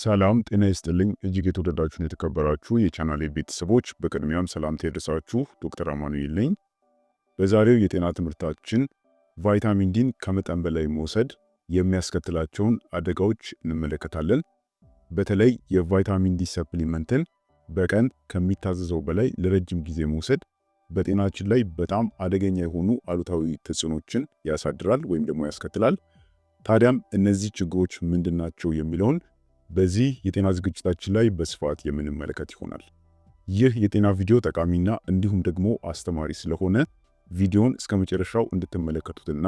ሰላም ጤና ይስጥልኝ። እጅግ የተወደዳችሁን የተከበራችሁ የቻናል ቤተሰቦች በቅድሚያም ሰላምታ ይድረሳችሁ። ዶክተር አማኑኤል ነኝ። በዛሬው የጤና ትምህርታችን ቫይታሚን ዲን ከመጠን በላይ መውሰድ የሚያስከትላቸውን አደጋዎች እንመለከታለን። በተለይ የቫይታሚን ዲ ሰፕሊመንትን በቀን ከሚታዘዘው በላይ ለረጅም ጊዜ መውሰድ በጤናችን ላይ በጣም አደገኛ የሆኑ አሉታዊ ተጽዕኖችን ያሳድራል ወይም ደግሞ ያስከትላል። ታዲያም እነዚህ ችግሮች ምንድናቸው የሚለውን በዚህ የጤና ዝግጅታችን ላይ በስፋት የምንመለከት ይሆናል። ይህ የጤና ቪዲዮ ጠቃሚና እንዲሁም ደግሞ አስተማሪ ስለሆነ ቪዲዮን እስከ መጨረሻው እንድትመለከቱትና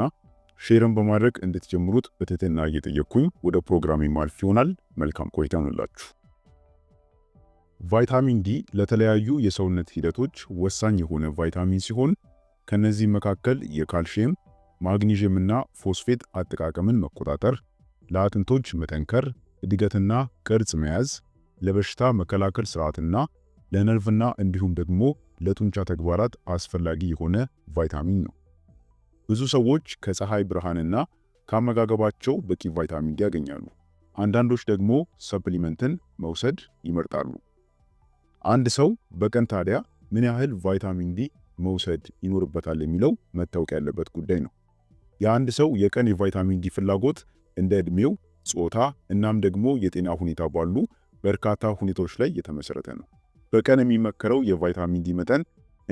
ሼርን በማድረግ እንድትጀምሩት በትህትና እየጠየቅኩኝ ወደ ፕሮግራም ማልፍ ይሆናል። መልካም ቆይታ ይሁንላችሁ። ቫይታሚን ዲ ለተለያዩ የሰውነት ሂደቶች ወሳኝ የሆነ ቫይታሚን ሲሆን ከነዚህ መካከል የካልሽየም፣ ማግኒዥየምና ፎስፌት አጠቃቀምን መቆጣጠር፣ ለአጥንቶች መጠንከር፣ እድገትና ቅርጽ መያዝ ለበሽታ መከላከል ስርዓትና ለነርቭና እንዲሁም ደግሞ ለጡንቻ ተግባራት አስፈላጊ የሆነ ቫይታሚን ነው። ብዙ ሰዎች ከፀሐይ ብርሃንና ከአመጋገባቸው በቂ ቫይታሚን ዲ ያገኛሉ። አንዳንዶች ደግሞ ሰፕሊመንትን መውሰድ ይመርጣሉ። አንድ ሰው በቀን ታዲያ ምን ያህል ቫይታሚን ዲ መውሰድ ይኖርበታል የሚለው መታወቅ ያለበት ጉዳይ ነው። የአንድ ሰው የቀን የቫይታሚን ዲ ፍላጎት እንደ ዕድሜው ጾታ፣ እናም ደግሞ የጤና ሁኔታ ባሉ በርካታ ሁኔታዎች ላይ የተመሰረተ ነው። በቀን የሚመከረው የቫይታሚን ዲ መጠን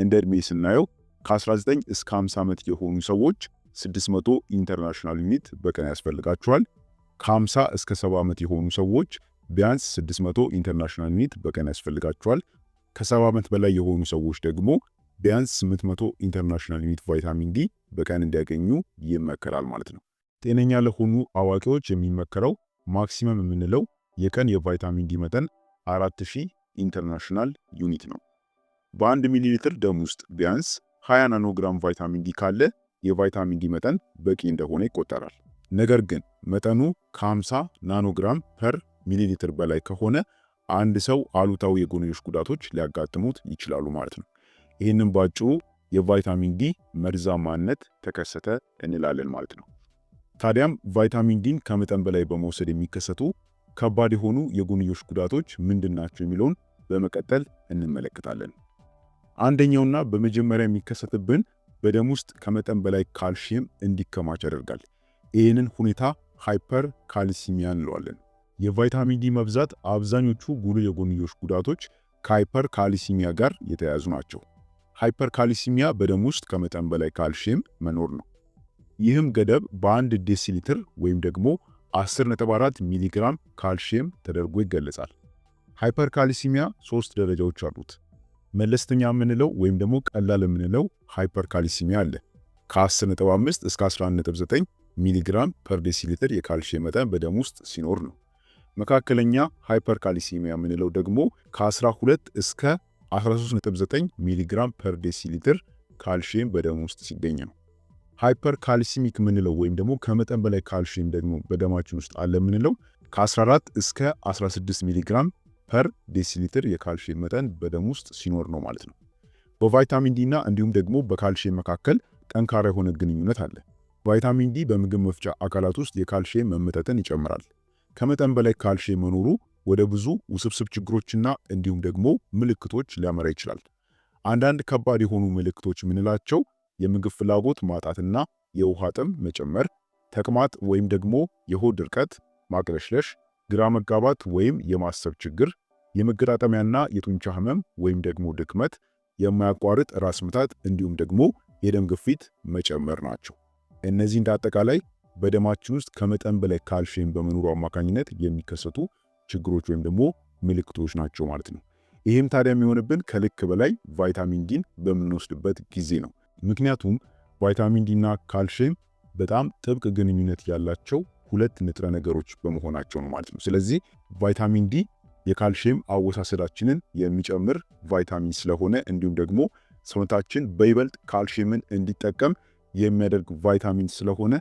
እንደ እድሜ ስናየው ከ19 እስከ 50 ዓመት የሆኑ ሰዎች 600 ኢንተርናሽናል ዩኒት በቀን ያስፈልጋቸዋል። ከ50 እስከ 70 ዓመት የሆኑ ሰዎች ቢያንስ 600 ኢንተርናሽናል ዩኒት በቀን ያስፈልጋቸዋል። ከ70 ዓመት በላይ የሆኑ ሰዎች ደግሞ ቢያንስ 800 ኢንተርናሽናል ዩኒት ቫይታሚን ዲ በቀን እንዲያገኙ ይመከራል ማለት ነው። ጤነኛ ለሆኑ አዋቂዎች የሚመከረው ማክሲመም የምንለው የቀን የቫይታሚን ዲ መጠን 4000 ኢንተርናሽናል ዩኒት ነው። በአንድ ሚሊ ሊትር ደም ውስጥ ቢያንስ 20 ናኖግራም ቫይታሚን ዲ ካለ የቫይታሚን ዲ መጠን በቂ እንደሆነ ይቆጠራል። ነገር ግን መጠኑ ከ50 ናኖግራም ፐር ሚሊ ሊትር በላይ ከሆነ አንድ ሰው አሉታዊ የጎንዮሽ ጉዳቶች ሊያጋጥሙት ይችላሉ ማለት ነው። ይህንም ባጭሩ የቫይታሚን ዲ መርዛማነት ተከሰተ እንላለን ማለት ነው። ታዲያም ቫይታሚን ዲን ከመጠን በላይ በመውሰድ የሚከሰቱ ከባድ የሆኑ የጎንዮሽ ጉዳቶች ምንድን ናቸው የሚለውን በመቀጠል እንመለከታለን። አንደኛውና በመጀመሪያ የሚከሰትብን በደም ውስጥ ከመጠን በላይ ካልሽየም እንዲከማች ያደርጋል። ይህንን ሁኔታ ሃይፐር ካልሲሚያ እንለዋለን። የቫይታሚን ዲ መብዛት አብዛኞቹ ጉልህ የጎንዮሽ ጉዳቶች ከሃይፐር ካልሲሚያ ጋር የተያያዙ ናቸው። ሃይፐር ካልሲሚያ በደም ውስጥ ከመጠን በላይ ካልሽየም መኖር ነው። ይህም ገደብ በአንድ ዴሲሊትር ወይም ደግሞ 10.4 ሚሊግራም ካልሽየም ተደርጎ ይገለጻል። ሃይፐርካሊሲሚያ ሶስት ደረጃዎች አሉት። መለስተኛ የምንለው ወይም ደግሞ ቀላል የምንለው ሃይፐርካሊሲሚያ አለ። ከ10.5 እስከ 11.9 ሚሊግራም ፐር ዴሲሊትር የካልሽየም መጠን በደም ውስጥ ሲኖር ነው። መካከለኛ ሃይፐርካሊሲሚያ የምንለው ደግሞ ከ12 እስከ 13.9 ሚሊግራም ፐር ዴሲሊትር ካልሽየም በደም ውስጥ ሲገኝ ነው። ሃይፐር ካልሲሚክ ምንለው ወይም ደግሞ ከመጠን በላይ ካልሽየም ደግሞ በደማችን ውስጥ አለ ምንለው ከ14 እስከ 16 ሚሊግራም ፐር ዴሲሊትር የካልሽየም መጠን በደም ውስጥ ሲኖር ነው ማለት ነው። በቫይታሚን ዲ እና እንዲሁም ደግሞ በካልሽየም መካከል ጠንካራ የሆነ ግንኙነት አለ። ቫይታሚን ዲ በምግብ መፍጫ አካላት ውስጥ የካልሽየም መመጠጥን ይጨምራል። ከመጠን በላይ ካልሽየም መኖሩ ወደ ብዙ ውስብስብ ችግሮችና እንዲሁም ደግሞ ምልክቶች ሊያመራ ይችላል። አንዳንድ ከባድ የሆኑ ምልክቶች የምንላቸው የምግብ ፍላጎት ማጣትና የውሃ ጥም መጨመር፣ ተቅማጥ ወይም ደግሞ የሆድ ድርቀት፣ ማቅለሽለሽ፣ ግራ መጋባት ወይም የማሰብ ችግር፣ የመገጣጠሚያና የጡንቻ ህመም ወይም ደግሞ ድክመት፣ የማያቋርጥ ራስ ምታት እንዲሁም ደግሞ የደም ግፊት መጨመር ናቸው። እነዚህ እንደ አጠቃላይ በደማችን ውስጥ ከመጠን በላይ ካልሽየም በመኖሩ አማካኝነት የሚከሰቱ ችግሮች ወይም ደግሞ ምልክቶች ናቸው ማለት ነው። ይህም ታዲያ የሚሆንብን ከልክ በላይ ቫይታሚን ዲን በምንወስድበት ጊዜ ነው። ምክንያቱም ቫይታሚን ዲና ካልሽየም በጣም ጥብቅ ግንኙነት ያላቸው ሁለት ንጥረ ነገሮች በመሆናቸው ነው ማለት ነው። ስለዚህ ቫይታሚን ዲ የካልሽየም አወሳሰዳችንን የሚጨምር ቫይታሚን ስለሆነ እንዲሁም ደግሞ ሰውነታችን በይበልጥ ካልሽየምን እንዲጠቀም የሚያደርግ ቫይታሚን ስለሆነ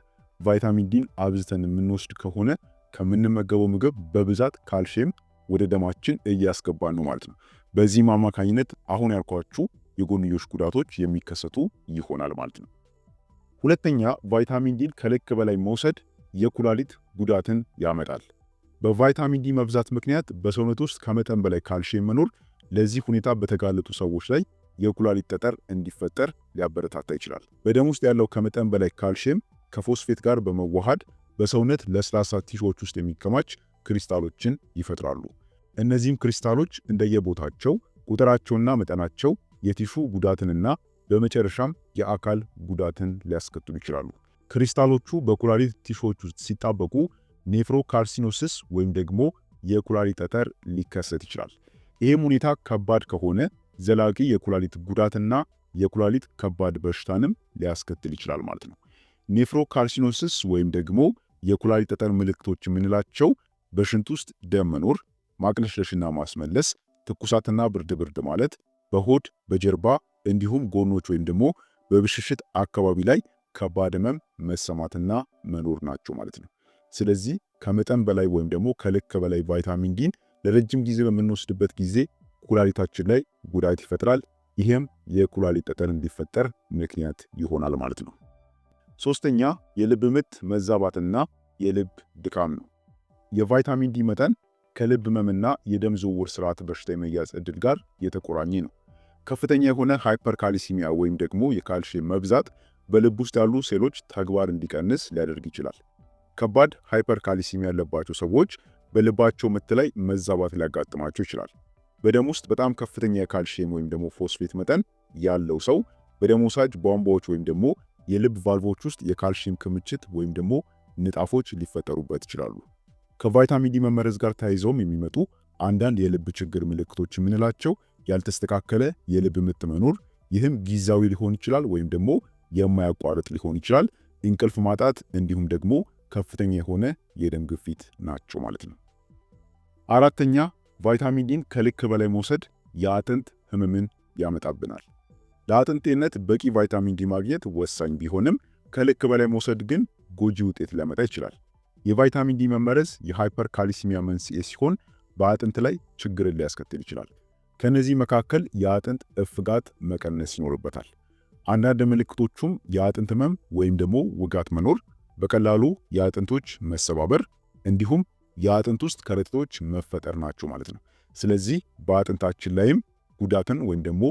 ቫይታሚን ዲን አብዝተን የምንወስድ ከሆነ ከምንመገበው ምግብ በብዛት ካልሽየም ወደ ደማችን እያስገባን ነው ማለት ነው። በዚህም አማካኝነት አሁን ያልኳችሁ የጎንዮሽ ጉዳቶች የሚከሰቱ ይሆናል ማለት ነው። ሁለተኛ ቫይታሚን ዲን ከልክ በላይ መውሰድ የኩላሊት ጉዳትን ያመጣል። በቫይታሚን ዲ መብዛት ምክንያት በሰውነት ውስጥ ከመጠን በላይ ካልሽየም መኖር ለዚህ ሁኔታ በተጋለጡ ሰዎች ላይ የኩላሊት ጠጠር እንዲፈጠር ሊያበረታታ ይችላል። በደም ውስጥ ያለው ከመጠን በላይ ካልሽየም ከፎስፌት ጋር በመዋሃድ በሰውነት ለስላሳ ቲሾዎች ውስጥ የሚከማች ክሪስታሎችን ይፈጥራሉ። እነዚህም ክሪስታሎች እንደየቦታቸው ቁጥራቸውና መጠናቸው የቲሹ ጉዳትንና በመጨረሻም የአካል ጉዳትን ሊያስከትሉ ይችላሉ። ክሪስታሎቹ በኩላሊት ቲሾች ውስጥ ሲጣበቁ ኔፍሮካርሲኖሲስ ወይም ደግሞ የኩላሊት ጠጠር ሊከሰት ይችላል። ይህም ሁኔታ ከባድ ከሆነ ዘላቂ የኩላሊት ጉዳትና የኩላሊት ከባድ በሽታንም ሊያስከትል ይችላል ማለት ነው። ኔፍሮካርሲኖሲስ ወይም ደግሞ የኩላሊት ጠጠር ምልክቶች የምንላቸው በሽንት ውስጥ ደም መኖር፣ ማቅለሽለሽና ማስመለስ፣ ትኩሳትና ብርድ ብርድ ማለት፣ በሆድ በጀርባ እንዲሁም ጎኖች ወይም ደግሞ በብሽሽት አካባቢ ላይ ከባድ ህመም መሰማትና መኖር ናቸው ማለት ነው። ስለዚህ ከመጠን በላይ ወይም ደግሞ ከልክ በላይ ቫይታሚን ዲን ለረጅም ጊዜ በምንወስድበት ጊዜ ኩላሊታችን ላይ ጉዳት ይፈጥራል። ይህም የኩላሊት ጠጠር እንዲፈጠር ምክንያት ይሆናል ማለት ነው። ሶስተኛ የልብ ምት መዛባትና የልብ ድካም ነው። የቫይታሚን ዲ መጠን ከልብ ህመምና የደም ዝውውር ስርዓት በሽታ የመያዝ እድል ጋር የተቆራኘ ነው። ከፍተኛ የሆነ ሃይፐርካልሲሚያ ወይም ደግሞ የካልሽየም መብዛት በልብ ውስጥ ያሉ ሴሎች ተግባር እንዲቀንስ ሊያደርግ ይችላል። ከባድ ሃይፐርካልሲሚያ ያለባቸው ሰዎች በልባቸው ምት ላይ መዛባት ሊያጋጥማቸው ይችላል። በደም ውስጥ በጣም ከፍተኛ የካልሽየም ወይም ደግሞ ፎስፌት መጠን ያለው ሰው በደም ወሳጅ ቧንቧዎች ወይም ደግሞ የልብ ቫልቮች ውስጥ የካልሽየም ክምችት ወይም ደግሞ ንጣፎች ሊፈጠሩበት ይችላሉ። ከቫይታሚን ዲ መመረዝ ጋር ተያይዘውም የሚመጡ አንዳንድ የልብ ችግር ምልክቶች የምንላቸው ያልተስተካከለ የልብ ምት መኖር፣ ይህም ጊዜያዊ ሊሆን ይችላል ወይም ደግሞ የማያቋርጥ ሊሆን ይችላል። እንቅልፍ ማጣት እንዲሁም ደግሞ ከፍተኛ የሆነ የደም ግፊት ናቸው ማለት ነው። አራተኛ ቫይታሚን ዲን ከልክ በላይ መውሰድ የአጥንት ህመምን ያመጣብናል። ለአጥንት ጤንነት በቂ ቫይታሚን ዲ ማግኘት ወሳኝ ቢሆንም ከልክ በላይ መውሰድ ግን ጎጂ ውጤት ሊያመጣ ይችላል። የቫይታሚን ዲ መመረዝ የሃይፐርካሊሲሚያ መንስኤ ሲሆን በአጥንት ላይ ችግርን ሊያስከትል ይችላል። ከነዚህ መካከል የአጥንት እፍጋት መቀነስ ይኖርበታል። አንዳንድ ምልክቶቹም የአጥንት ህመም ወይም ደግሞ ውጋት መኖር፣ በቀላሉ የአጥንቶች መሰባበር እንዲሁም የአጥንት ውስጥ ከረጢቶች መፈጠር ናቸው ማለት ነው። ስለዚህ በአጥንታችን ላይም ጉዳትን ወይም ደግሞ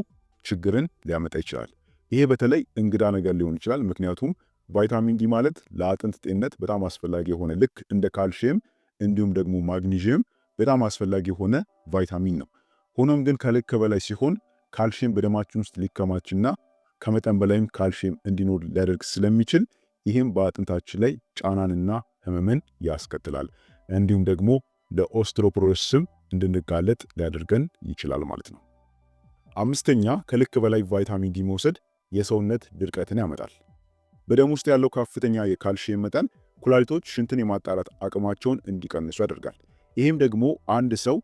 ችግርን ሊያመጣ ይችላል። ይሄ በተለይ እንግዳ ነገር ሊሆን ይችላል። ምክንያቱም ቫይታሚን ዲ ማለት ለአጥንት ጤንነት በጣም አስፈላጊ የሆነ ልክ እንደ ካልሽየም እንዲሁም ደግሞ ማግኒዥየም በጣም አስፈላጊ የሆነ ቫይታሚን ነው። ሆኖም ግን ከልክ በላይ ሲሆን ካልሽየም በደማችን ውስጥ ሊከማችና ከመጠን በላይም ካልሽየም እንዲኖር ሊያደርግ ስለሚችል ይህም በአጥንታችን ላይ ጫናንና ህመምን ያስከትላል። እንዲሁም ደግሞ ለኦስትሮፕሮስም እንድንጋለጥ ሊያደርገን ይችላል ማለት ነው። አምስተኛ ከልክ በላይ ቫይታሚን ዲ መውሰድ የሰውነት ድርቀትን ያመጣል። በደም ውስጥ ያለው ከፍተኛ የካልሽየም መጠን ኩላሊቶች ሽንትን የማጣራት አቅማቸውን እንዲቀንሱ ያደርጋል። ይህም ደግሞ አንድ ሰው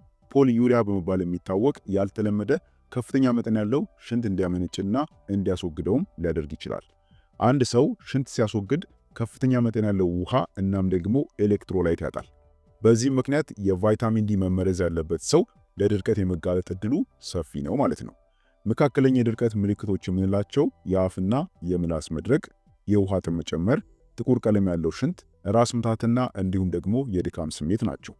ዩሪያ በመባል የሚታወቅ ያልተለመደ ከፍተኛ መጠን ያለው ሽንት እንዲያመነጭና እንዲያስወግደውም ሊያደርግ ይችላል። አንድ ሰው ሽንት ሲያስወግድ ከፍተኛ መጠን ያለው ውሃ እናም ደግሞ ኤሌክትሮላይት ያጣል። በዚህ ምክንያት የቫይታሚን ዲ መመረዝ ያለበት ሰው ለድርቀት የመጋለጥ እድሉ ሰፊ ነው ማለት ነው። መካከለኛ የድርቀት ምልክቶች የምንላቸው የአፍና የምላስ መድረቅ፣ የውሃ መጨመር፣ ጥቁር ቀለም ያለው ሽንት፣ ራስ ምታትና እንዲሁም ደግሞ የድካም ስሜት ናቸው።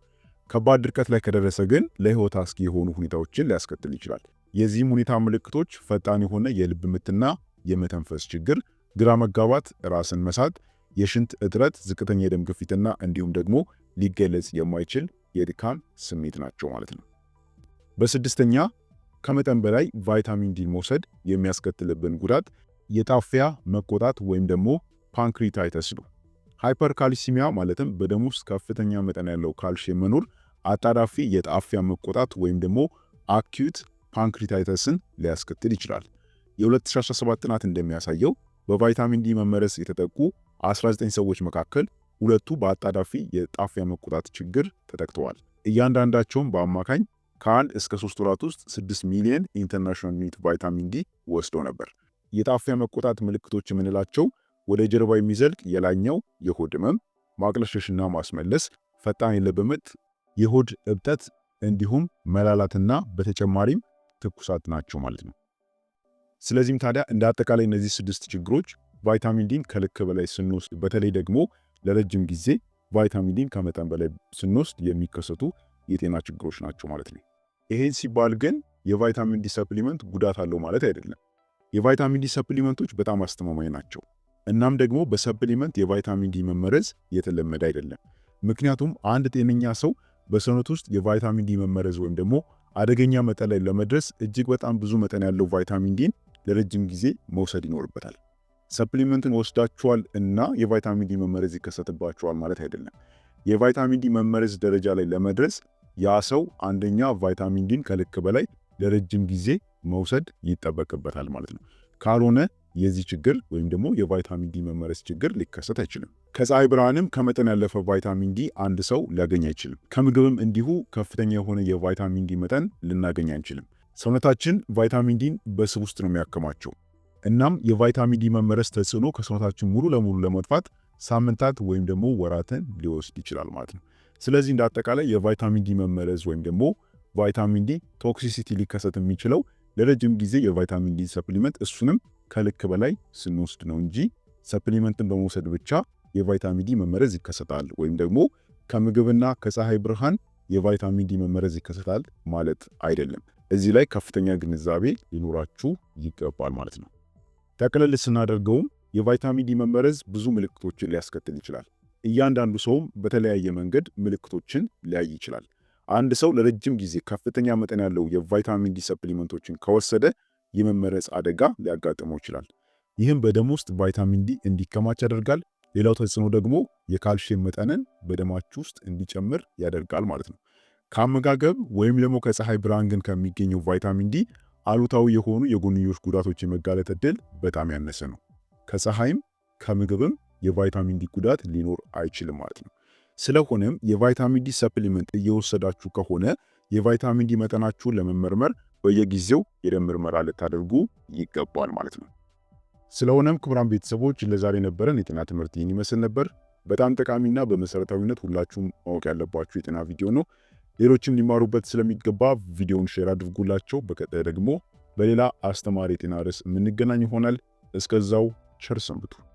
ከባድ ድርቀት ላይ ከደረሰ ግን ለህይወት አስጊ የሆኑ ሁኔታዎችን ሊያስከትል ይችላል። የዚህም ሁኔታ ምልክቶች ፈጣን የሆነ የልብ ምትና የመተንፈስ ችግር፣ ግራ መጋባት፣ ራስን መሳት፣ የሽንት እጥረት፣ ዝቅተኛ የደም ግፊትና እንዲሁም ደግሞ ሊገለጽ የማይችል የድካም ስሜት ናቸው ማለት ነው። በስድስተኛ ከመጠን በላይ ቫይታሚን ዲ መውሰድ የሚያስከትልብን ጉዳት የጣፊያ መቆጣት ወይም ደግሞ ፓንክሪታይተስ ነው። ሃይፐርካልሲሚያ ማለትም በደም ውስጥ ከፍተኛ መጠን ያለው ካልሲየም መኖር አጣዳፊ የጣፊያ መቆጣት ወይም ደግሞ አኪዩት ፓንክሪታይተስን ሊያስከትል ይችላል። የ2017 ጥናት እንደሚያሳየው በቫይታሚን ዲ መመረስ የተጠቁ 19 ሰዎች መካከል ሁለቱ በአጣዳፊ የጣፊያ መቆጣት ችግር ተጠቅተዋል። እያንዳንዳቸውም በአማካኝ ከአንድ እስከ ሶስት ወራት ውስጥ 6 ሚሊዮን ኢንተርናሽናል ዩኒት ቫይታሚን ዲ ወስደው ነበር። የጣፊያ መቆጣት ምልክቶች የምንላቸው ወደ ጀርባ የሚዘልቅ የላይኛው የሆድ ህመም፣ ማቅለሸሽና ማስመለስ፣ ፈጣን የልብ ምት፣ የሆድ እብጠት እንዲሁም መላላትና በተጨማሪም ትኩሳት ናቸው ማለት ነው። ስለዚህም ታዲያ እንደ አጠቃላይ እነዚህ ስድስት ችግሮች ቫይታሚን ዲን ከልክ በላይ ስንወስድ፣ በተለይ ደግሞ ለረጅም ጊዜ ቫይታሚን ዲን ከመጠን በላይ ስንወስድ የሚከሰቱ የጤና ችግሮች ናቸው ማለት ነው። ይሄን ሲባል ግን የቫይታሚን ዲ ሰፕሊመንት ጉዳት አለው ማለት አይደለም። የቫይታሚን ዲ ሰፕሊመንቶች በጣም አስተማማኝ ናቸው። እናም ደግሞ በሰፕሊመንት የቫይታሚን ዲ መመረዝ የተለመደ አይደለም። ምክንያቱም አንድ ጤነኛ ሰው በሰውነት ውስጥ የቫይታሚን ዲ መመረዝ ወይም ደግሞ አደገኛ መጠን ላይ ለመድረስ እጅግ በጣም ብዙ መጠን ያለው ቫይታሚን ዲን ለረጅም ጊዜ መውሰድ ይኖርበታል። ሰፕሊመንትን ወስዳችኋል እና የቫይታሚን ዲ መመረዝ ይከሰትባችኋል ማለት አይደለም። የቫይታሚን ዲ መመረዝ ደረጃ ላይ ለመድረስ ያ ሰው አንደኛ ቫይታሚን ዲን ከልክ በላይ ለረጅም ጊዜ መውሰድ ይጠበቅበታል ማለት ነው። ካልሆነ የዚህ ችግር ወይም ደግሞ የቫይታሚን ዲ መመረዝ ችግር ሊከሰት አይችልም። ከፀሐይ ብርሃንም ከመጠን ያለፈ ቫይታሚን ዲ አንድ ሰው ሊያገኝ አይችልም። ከምግብም እንዲሁ ከፍተኛ የሆነ የቫይታሚን ዲ መጠን ልናገኝ አንችልም። ሰውነታችን ቫይታሚን ዲን በስብ ውስጥ ነው የሚያከማቸው። እናም የቫይታሚን ዲ መመረስ ተጽዕኖ ከሰውነታችን ሙሉ ለሙሉ ለመጥፋት ሳምንታት ወይም ደግሞ ወራትን ሊወስድ ይችላል ማለት ነው። ስለዚህ እንደ አጠቃላይ የቫይታሚን ዲ መመረዝ ወይም ደግሞ ቫይታሚን ዲ ቶክሲሲቲ ሊከሰት የሚችለው ለረጅም ጊዜ የቫይታሚን ዲ ሰፕሊመንት እሱንም ከልክ በላይ ስንወስድ ነው እንጂ ሰፕሊመንትን በመውሰድ ብቻ የቫይታሚን ዲ መመረዝ ይከሰታል ወይም ደግሞ ከምግብና ከፀሐይ ብርሃን የቫይታሚን ዲ መመረዝ ይከሰታል ማለት አይደለም። እዚህ ላይ ከፍተኛ ግንዛቤ ሊኖራችሁ ይገባል ማለት ነው። ጠቅለል ስናደርገውም የቫይታሚን ዲ መመረዝ ብዙ ምልክቶችን ሊያስከትል ይችላል። እያንዳንዱ ሰውም በተለያየ መንገድ ምልክቶችን ሊያይ ይችላል። አንድ ሰው ለረጅም ጊዜ ከፍተኛ መጠን ያለው የቫይታሚን ዲ ሰፕሊመንቶችን ከወሰደ የመመረዝ አደጋ ሊያጋጥመው ይችላል። ይህም በደም ውስጥ ቫይታሚን ዲ እንዲከማች ያደርጋል። ሌላው ተጽዕኖ ደግሞ የካልሽየም መጠንን በደማችሁ ውስጥ እንዲጨምር ያደርጋል ማለት ነው። ከአመጋገብ ወይም ደግሞ ከፀሐይ ብርሃን ግን ከሚገኘው ቫይታሚን ዲ አሉታዊ የሆኑ የጎንዮሽ ጉዳቶች የመጋለጥ እድል በጣም ያነሰ ነው። ከፀሐይም ከምግብም የቫይታሚን ዲ ጉዳት ሊኖር አይችልም ማለት ነው። ስለሆነም የቫይታሚን ዲ ሰፕሊመንት እየወሰዳችሁ ከሆነ የቫይታሚን ዲ መጠናችሁን ለመመርመር በየጊዜው የደም ምርመራ ልታደርጉ ይገባል ማለት ነው። ስለሆነም ክቡራን ቤተሰቦች ለዛሬ ነበረን የጤና ትምህርት ይህን ይመስል ነበር። በጣም ጠቃሚና በመሰረታዊነት ሁላችሁም ማወቅ ያለባችሁ የጤና ቪዲዮ ነው። ሌሎችም ሊማሩበት ስለሚገባ ቪዲዮውን ሼር አድርጉላቸው። በቀጣይ ደግሞ በሌላ አስተማሪ የጤና ርዕስ የምንገናኝ ይሆናል። እስከዛው ቸር ሰንብቱ።